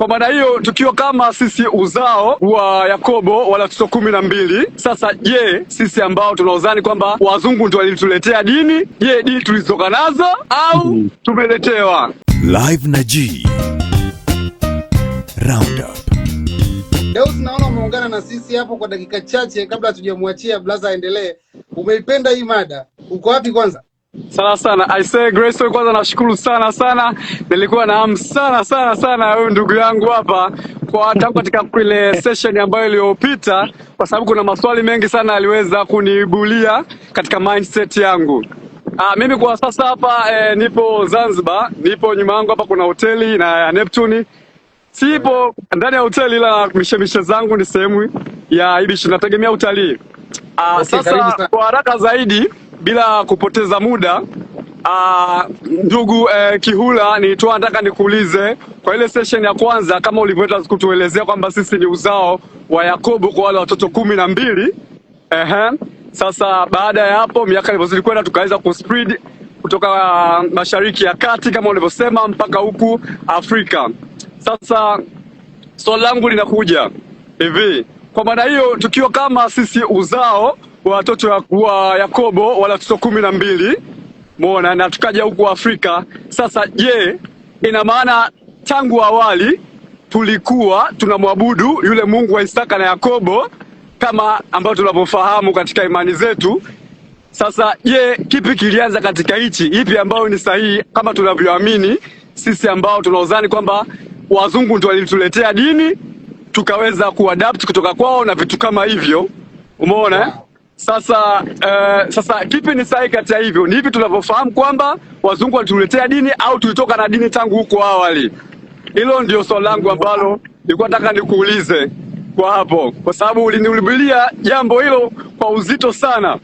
Kwa maana hiyo tukiwa kama sisi uzao wa Yakobo wala watoto kumi na mbili, sasa je, sisi ambao tunaozani kwamba wazungu ndio walituletea dini, je, dini tulizoka nazo au mhm. tumeletewa? Live na G Roundup. Leo tunaona umeungana na sisi hapo kwa dakika chache kabla hatujamwachia blaza aendelee. Umeipenda hii mada, uko wapi kwanza? Sana sana I say Grace, wewe kwanza nashukuru sana sana, nilikuwa na hamu sana sana sana wewe ndugu yangu hapa kwa tangu katika ile session ambayo iliyopita, kwa sababu kuna maswali mengi sana aliweza kuniibulia katika mindset yangu. Ah, mimi kwa sasa hapa eh, nipo Zanzibar, nipo nyuma yangu hapa kuna hoteli na ya Neptune. Sipo ndani ya hoteli ila mishemishe zangu ni sehemu ya ibishi, nategemea utalii. Ah, okay, sasa kwa haraka zaidi bila kupoteza muda Uh, ndugu eh, Kihula nilitoa nataka nikuulize kwa ile session ya kwanza, kama ulivyoweza kutuelezea kwamba sisi ni uzao wa Yakobo kwa wale watoto kumi na mbili. Ehe, sasa baada ya hapo miaka ilivyozidi kwenda tukaweza kuspread kutoka uh, Mashariki ya Kati kama ulivyosema mpaka huku Afrika. Sasa swali langu linakuja hivi, kwa maana hiyo tukiwa kama sisi uzao watoto wa Yakobo wala watoto kumi na mbili muona, na tukaja huku Afrika. Sasa je, ina maana tangu awali tulikuwa tunamwabudu yule Mungu wa Isaka na Yakobo kama ambavyo tunavyofahamu katika imani zetu. Sasa je, kipi kilianza katika hichi? Ipi ambayo ni sahihi kama tunavyoamini sisi ambao tunaozani kwamba wazungu ndio walituletea dini tukaweza kuadapt kutoka kwao na vitu kama hivyo, umeona? Sasa uh, sasa kipi ni sahihi kati ya hivyo? Ni hivi tunavyofahamu kwamba wazungu walituletea dini au tulitoka na dini tangu huko awali? Hilo ndio swali langu ambalo nilikuwa nataka nikuulize kwa hapo, kwa sababu uliniulibilia jambo hilo kwa uzito sana.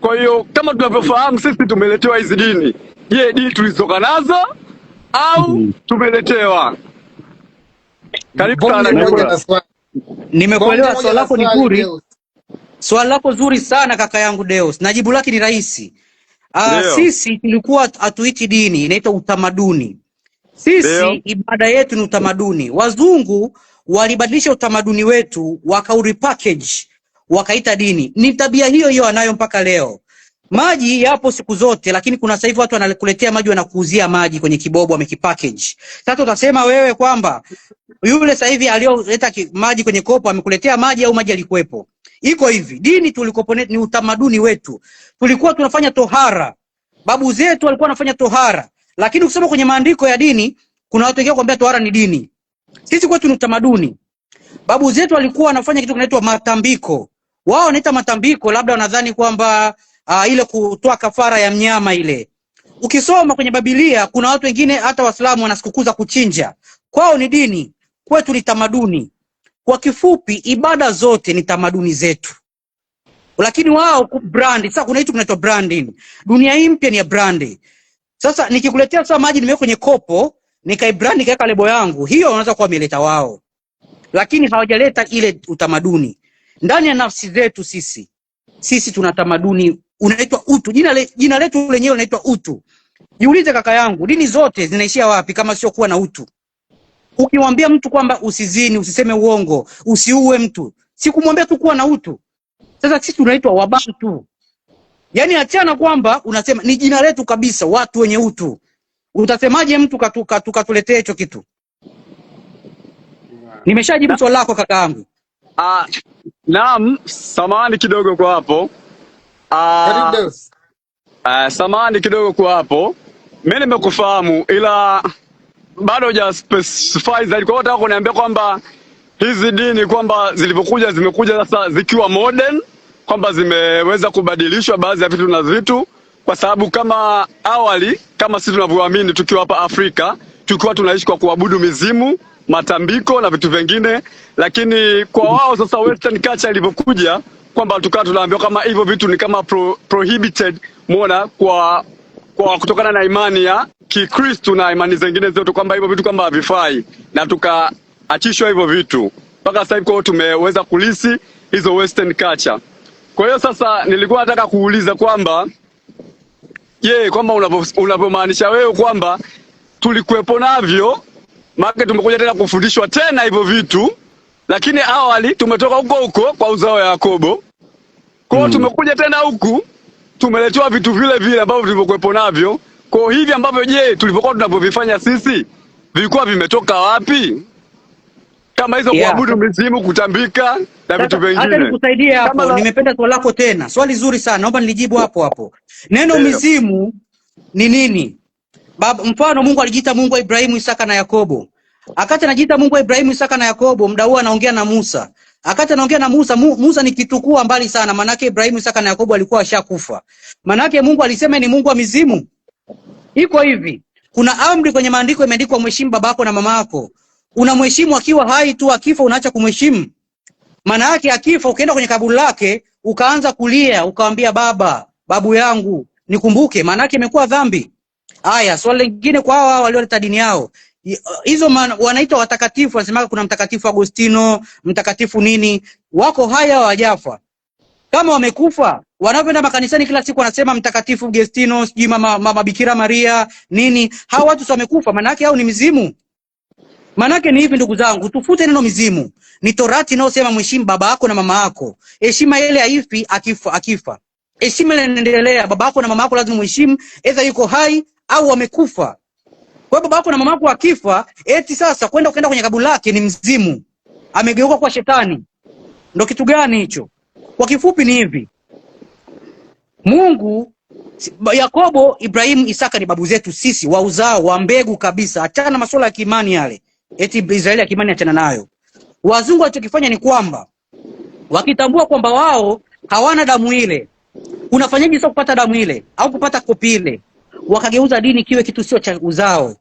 Kwa hiyo kama tunavyofahamu sisi tumeletewa hizi dini, je, dini tulizoka nazo au mm-hmm. tumeletewa? Karibu sana. Nimekuelewa swali lako ni zuri Swali lako zuri sana kaka yangu Deus, na jibu lake ni rahisi. Uh, sisi tulikuwa hatuiti dini, inaitwa utamaduni. Sisi Deo. ibada yetu ni utamaduni. Wazungu walibadilisha utamaduni wetu, wakauri wakaita dini. Ni tabia hiyo hiyo anayo mpaka leo. Maji yapo siku zote, lakini kuna sasa hivi watu wanakuletea maji wanakuuzia maji kwenye kibobo wamekipackage. Sasa utasema wewe kwamba yule sasa hivi aliyoleta maji kwenye kopo amekuletea maji au maji alikuwepo? Iko hivi, dini tulikopo ni utamaduni wetu, tulikuwa tunafanya tohara, babu zetu walikuwa wanafanya tohara, lakini ukisoma kwenye maandiko ya dini kuna watu wengine kuambia tohara ni dini. Sisi kwetu ni utamaduni, babu zetu walikuwa wanafanya kitu kinaitwa matambiko, wao wanaita matambiko, labda wanadhani kwamba uh, ile kutoa kafara ya mnyama ile. Ukisoma kwenye Biblia kuna watu wengine hata Waislamu wana sikukuu za kuchinja. Kwao ni dini, kwetu ni tamaduni. Kwa kifupi, ibada zote ni tamaduni zetu, lakini wao brand. Sasa kuna kitu kinaitwa branding. Dunia hii mpya ni ya brand. Sasa nikikuletea sasa maji nimeweka kwenye kopo nikai brand nikaweka lebo yangu, hiyo wanaweza kuwa wameleta wao, lakini hawajaleta ile utamaduni ndani ya nafsi zetu sisi sisi tuna tamaduni unaitwa utu. Jina, le, jina letu lenyewe linaitwa utu. Jiulize kaka yangu, dini zote zinaishia wapi kama sio kuwa na utu? Ukimwambia mtu kwamba usizini, usiseme uongo, usiue mtu, sikumwambia tu kuwa na utu. Sasa sisi tunaitwa Wabantu, yaani achana kwamba unasema ni jina letu kabisa, watu wenye utu. Utasemaje mtu katuletea katu, hicho kitu? Nimeshajibu swali lako kaka yangu. Ah, Naam, samahani kidogo kwa hapo. Ah, uh, samahani kidogo kwa hapo. Mimi nimekufahamu ila bado huja specify zaidi. Kwa hiyo nataka kuniambia kwamba hizi dini kwamba zilivyokuja zimekuja sasa zikiwa modern kwamba zimeweza kubadilishwa baadhi ya vitu na vitu, kwa sababu kama awali, kama sisi tunavyoamini tukiwa hapa Afrika, tukiwa tunaishi kwa kuabudu mizimu matambiko na vitu vingine, lakini kwa wao sasa western culture ilivyokuja kwamba tukawa tunaambiwa kama hivyo vitu ni kama pro, prohibited muona kwa kwa kutokana na imani ya Kikristo na imani zingine zote kwamba hivyo vitu kwamba havifai na tukaachishwa hivyo vitu mpaka sasa hivi. Kwa tumeweza kulisi hizo western culture. Kwa hiyo sasa nilikuwa nataka kuuliza kwamba je, kwamba unavyomaanisha wewe kwamba tulikuwepo navyo maana tumekuja tena kufundishwa tena hivyo vitu, lakini awali tumetoka huko huko kwa uzao ya Yakobo. Kwa hiyo mm. tumekuja tena huku tumeletewa vitu vile vile ambavyo tulivyokuwepo navyo. Kwa hivi ambavyo, je, tulivyokuwa tunavyovifanya sisi vilikuwa vimetoka wapi? Kama hizo yeah. kuabudu mizimu, kutambika na vitu vingine. Hata nikusaidie hapo la... nimependa swali lako tena, swali zuri sana, naomba nilijibu hapo hapo. Neno Deo. mizimu ni nini? Baba, mfano Mungu alijiita Mungu wa Ibrahimu, Isaka na Yakobo. Akati anajiita Mungu wa Ibrahimu, Isaka na Yakobo, mda huo anaongea na Musa. Akati anaongea na Musa, Mu, Musa ni kitukua mbali sana, manake Ibrahimu, Isaka na Yakobo alikuwa washakufa. Manake Mungu alisema ni Mungu wa mizimu. Iko hivi, kuna amri kwenye maandiko imeandikwa, mheshimu babako na mama mamako. Unamheshimu akiwa hai tu, akifa unaacha kumheshimu. Maana yake akifa, ukienda kwenye kaburi lake ukaanza kulia, ukawambia baba, babu yangu nikumbuke, maana yake imekuwa dhambi. Haya, swali lingine kwa hawa walioleta dini yao Uh, hizo maana wanaita watakatifu, wanasemaga kuna mtakatifu Agostino, mtakatifu nini, wako haya wajafa Kama wamekufa, wanavyoenda makanisani kila siku wanasema mtakatifu Agostino, sijui mama, mama Bikira Maria nini, hao watu sio wamekufa, maana yake hao ni mizimu. Maana yake ni hivi, ndugu zangu, tufute neno mizimu. Ni Torati inayosema mheshimu baba yako na mama yako. Heshima ile haifi akifa, akifa. Heshima inaendelea, baba yako na mama yako lazima mheshimu, aidha yuko hai au wamekufa. Kwa hiyo babako na mamako akifa, eti sasa kwenda ukaenda kwenye kaburi lake ni mzimu, amegeuka kwa shetani. Ndo kitu gani hicho? Kwa kifupi ni hivi, Mungu Yakobo, Ibrahimu, Isaka ni babu zetu sisi wa uzao wa mbegu kabisa. Achana na masuala ya kiimani yale, eti Israeli ya kiimani achana nayo. Wazungu walichokifanya ni kwamba wakitambua kwamba wao hawana damu ile, unafanyaje sasa kupata damu ile au kupata kopi ile? Wakageuza dini kiwe kitu sio cha uzao,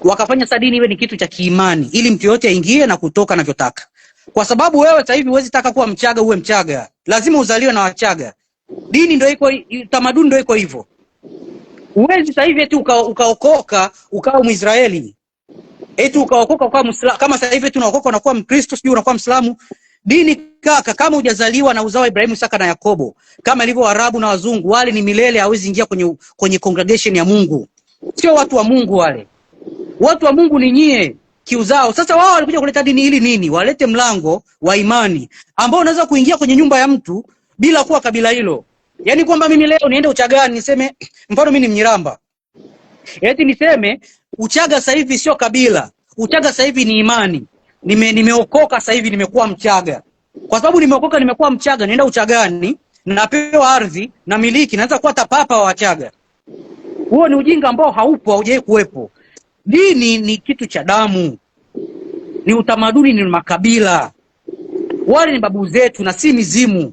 wakafanya sasa dini iwe ni kitu cha kiimani, ili mtu yote aingie na kutoka anavyotaka, kwa sababu wewe sasa hivi huwezi taka kuwa Mchaga uwe Mchaga, lazima uzaliwe na Wachaga. Dini ndio iko, tamaduni ndio iko hivyo. Huwezi sasa hivi eti ukaokoka uka ukawa Mwisraeli, eti ukaokoka ukawa Muislamu. Kama sasa hivi eti unaokoka unakuwa Mkristo, sijui unakuwa Mwislamu. Dini kaka, kama hujazaliwa na uzao wa Ibrahimu, Isaka na Yakobo, kama ilivyo Waarabu na Wazungu, wale ni milele, hawezi ingia kwenye, kwenye congregation ya Mungu, sio watu wa Mungu wale. Watu wa Mungu ni nyie kiuzao. Sasa wao walikuja kuleta dini hili nini? Walete mlango wa imani ambao unaweza kuingia kwenye nyumba ya mtu bila kuwa kabila hilo. Yaani kwamba mimi leo niende Uchagani niseme mfano mimi ni Mnyiramba. Eti niseme Uchaga sasa hivi sio kabila. Uchaga sasa hivi ni imani. Nime nimeokoka sasa hivi nimekuwa Mchaga. Kwa sababu nimeokoka nimekuwa Mchaga nienda Uchagani napewa ardhi na miliki naweza kuwa tapapa wa Wachaga. Huo ni ujinga ambao haupo, haujawahi kuwepo. Dini ni kitu cha damu, ni utamaduni, ni makabila. Wale ni babu zetu na si mizimu.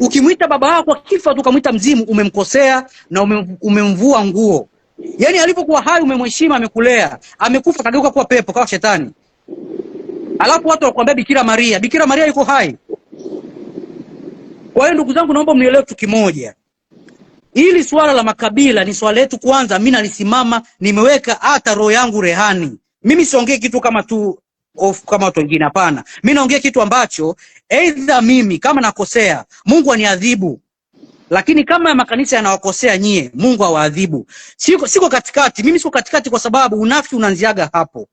Ukimwita baba yako akifa tu ukamwita mzimu, umemkosea na umemvua nguo. Yaani alipokuwa hai umemheshima amekulea, amekufa kageuka kuwa pepo, kawa shetani. Alafu watu wakwambia Bikira Maria, Bikira Maria yuko hai. Kwa hiyo ndugu zangu, naomba mnielewe kitu kimoja. Hili swala la makabila ni swala letu kwanza. Mimi nalisimama, nimeweka hata roho yangu rehani. Mimi siongee kitu kama tu of kama watu wengine, hapana. Mimi naongea kitu ambacho aidha mimi kama nakosea, Mungu aniadhibu, lakini kama makanisa yanawakosea nyie, Mungu awaadhibu. Siko, siko katikati. Mimi siko katikati, kwa sababu unafiki unaanziaga hapo.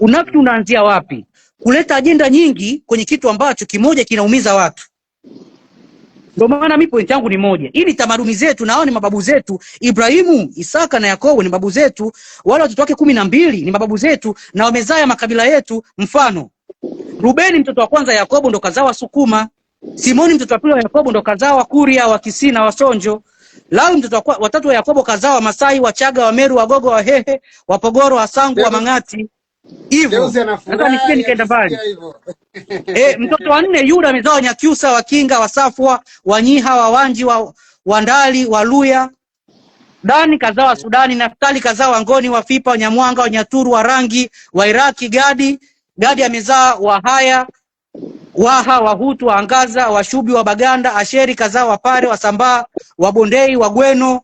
Unafiki unaanzia wapi? Kuleta ajenda nyingi kwenye kitu ambacho kimoja kinaumiza watu ndio maana mi point yangu ni moja. Hii ni tamaduni zetu na hao ni mababu zetu. Ibrahimu, Isaka na Yakobo ni mababu zetu. Wale watoto wake kumi na mbili ni mababu zetu na wamezaa ya makabila yetu. Mfano, Rubeni mtoto wa kwanza Yakobo ndo kazaa Wasukuma. Simoni mtoto wa pili wa Yakobo ndo kazaa Wakuria, Wakisii na Wasonjo. Lawi mtoto watatu wa Yakobo kazaa Wamasai, Wachaga, Wameru, Wagogo, Wahehe, Wapogoro, Wasangu, Wamang'ati hivyo hata nifike nikaenda mbali. eh, mtoto wa nne Yuda amezaa Wanyakyusa, Wakinga, Wasafwa, Wanyiha, Wawanji, wa Wandali, Waluya. Dani kazaa wa Sudani, Naftali kazaa Wangoni, Wafipa, Wanyamwanga, Wanyaturu, Warangi, Wairaki. Gadi Gadi amezaa Wahaya, Waha, Wahutu, Waangaza, Washubi, Wabaganda. Asheri kazaa Wapare, Wasambaa, Wabondei, Wagweno,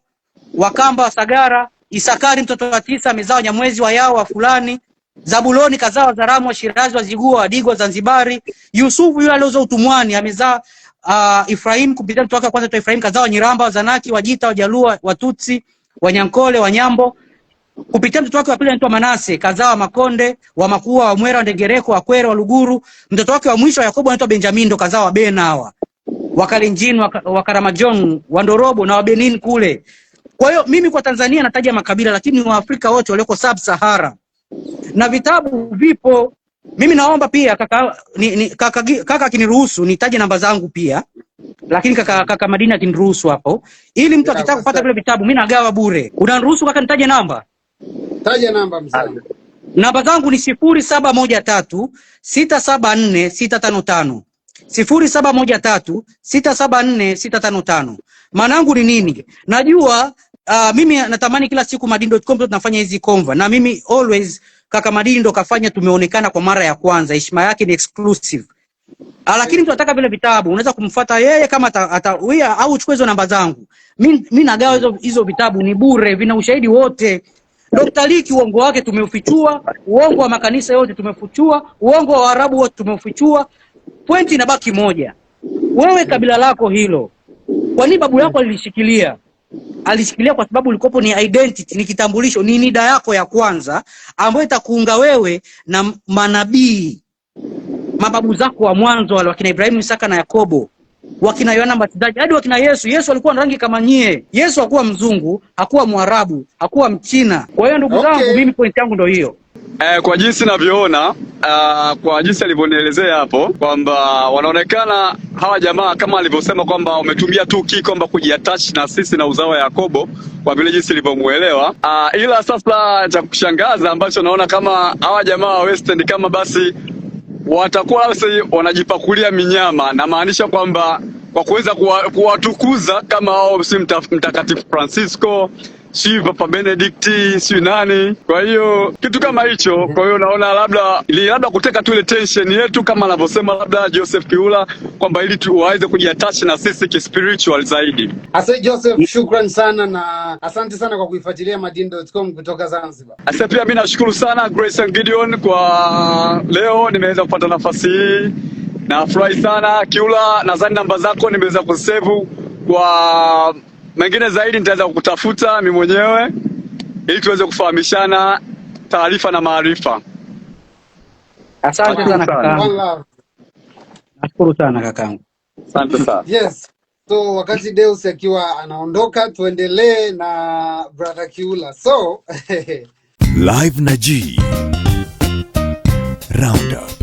Wakamba, Wasagara. Isakari mtoto wa tisa amezaa Wanyamwezi, Wayao, Wafulani, Zabuloni kazaa Wazaramu, Washirazi, Wazigua, Wadigwa, Wazanzibari. Yusufu yule aliozaa utumwani amezaa uh, ah, Ifraim kupitia mtoto wake kwanza tu Ifrahim kazaa Wanyiramba, Wazanaki, Wajita, Wajaluo, Watutsi, Wanyankole, Wanyambo. Kupitia mtoto wake wa pili anaitwa Manase kazaa Makonde, wa Makua, wa Mwera, wa Ndegereko, wa Kwera, wa Luguru. Mtoto wake wa mwisho Yakobo anaitwa Benjamin ndo kazaa Bena hawa. Wakalenjin, Wakaramajon, Wandorobo na Wabenin kule. Kwa hiyo mimi kwa Tanzania nataja makabila lakini wa Afrika wote walioko Sub Sahara na vitabu vipo. Mimi naomba pia kaka, ni, ni, kaka, kaka akiniruhusu nitaje namba zangu pia, lakini kaka, kaka Madini akiniruhusu hapo, ili mtu akitaka kupata vile vitabu mimi nagawa bure. Unaniruhusu kaka nitaje namba? Taja namba mzee. Namba zangu ni sifuri saba moja tatu sita saba nne sita tano tano sifuri saba moja tatu sita saba nne sita tano tano. Maanangu ni nini? Najua uh, mimi natamani kila siku madin.com tunafanya hizi konva na mimi always Kaka Madini ndo kafanya tumeonekana kwa mara ya kwanza, heshima yake ni exclusive. Ah, lakini mtu anataka vile vitabu, unaweza kumfuata yeye kama ata, ata, au uchukue hizo namba zangu. Mimi mimi nagawa hizo hizo vitabu ni bure, vina ushahidi wote. Dr. Liki uongo wake tumeufichua, uongo wa makanisa yote tumefichua, uongo wa Waarabu wote tumeufichua. Pointi inabaki moja. Wewe kabila lako hilo. Kwa nini babu yako alilishikilia? alishikilia kwa sababu ulikopo ni identity, ni kitambulisho, ni nida yako ya kwanza ambayo itakuunga wewe na manabii mababu zako wa mwanzo wale wakina Ibrahimu, Isaka na Yakobo, wakina Yohana Mbatizaji hadi wakina Yesu. Yesu alikuwa na rangi kama nyie. Yesu hakuwa mzungu, hakuwa Mwarabu, hakuwa Mchina. Kwa hiyo ndugu zangu, okay. Mimi point yangu ndio hiyo. Eh, kwa jinsi navyoona Uh, eh, kwa jinsi alivyonielezea hapo kwamba wanaonekana hawa jamaa kama alivyosema kwamba wametumia tu ki kwamba kujiattach na sisi na uzao wa Yakobo kwa vile jinsi ilivyomuelewa. Uh, eh, ila sasa cha kushangaza ambacho naona kama hawa jamaa wa West End kama basi watakuwa basi wanajipakulia minyama, namaanisha kwamba kwa kuweza kuwatukuza kuwa kama wao si mtakatifu Francisco si Papa Benedict si nani. Kwa hiyo kitu kama hicho, kwa hiyo naona labda ili labda kuteka tu ile tension yetu kama anavyosema labda Joseph Kiula kwamba ili tuwaweze kujiatach na sisi kispiritual zaidi. Asante Joseph, shukran sana na asante sana kwa kuifuatilia Madini.com kutoka Zanzibar. Asante pia mimi nashukuru sana Grace and Gideon kwa leo nimeweza kupata nafasi hii. Nafurahi sana Kiula, nadhani namba zako nimeweza kusevu kwa mengine zaidi nitaweza kukutafuta mimi mwenyewe ili tuweze kufahamishana taarifa na maarifa. Asante sana kakaangu, nashukuru sana kakaangu, asante sana. Yes, so wakati Deus akiwa anaondoka, tuendelee na brother Kiula. So Live na G Roundup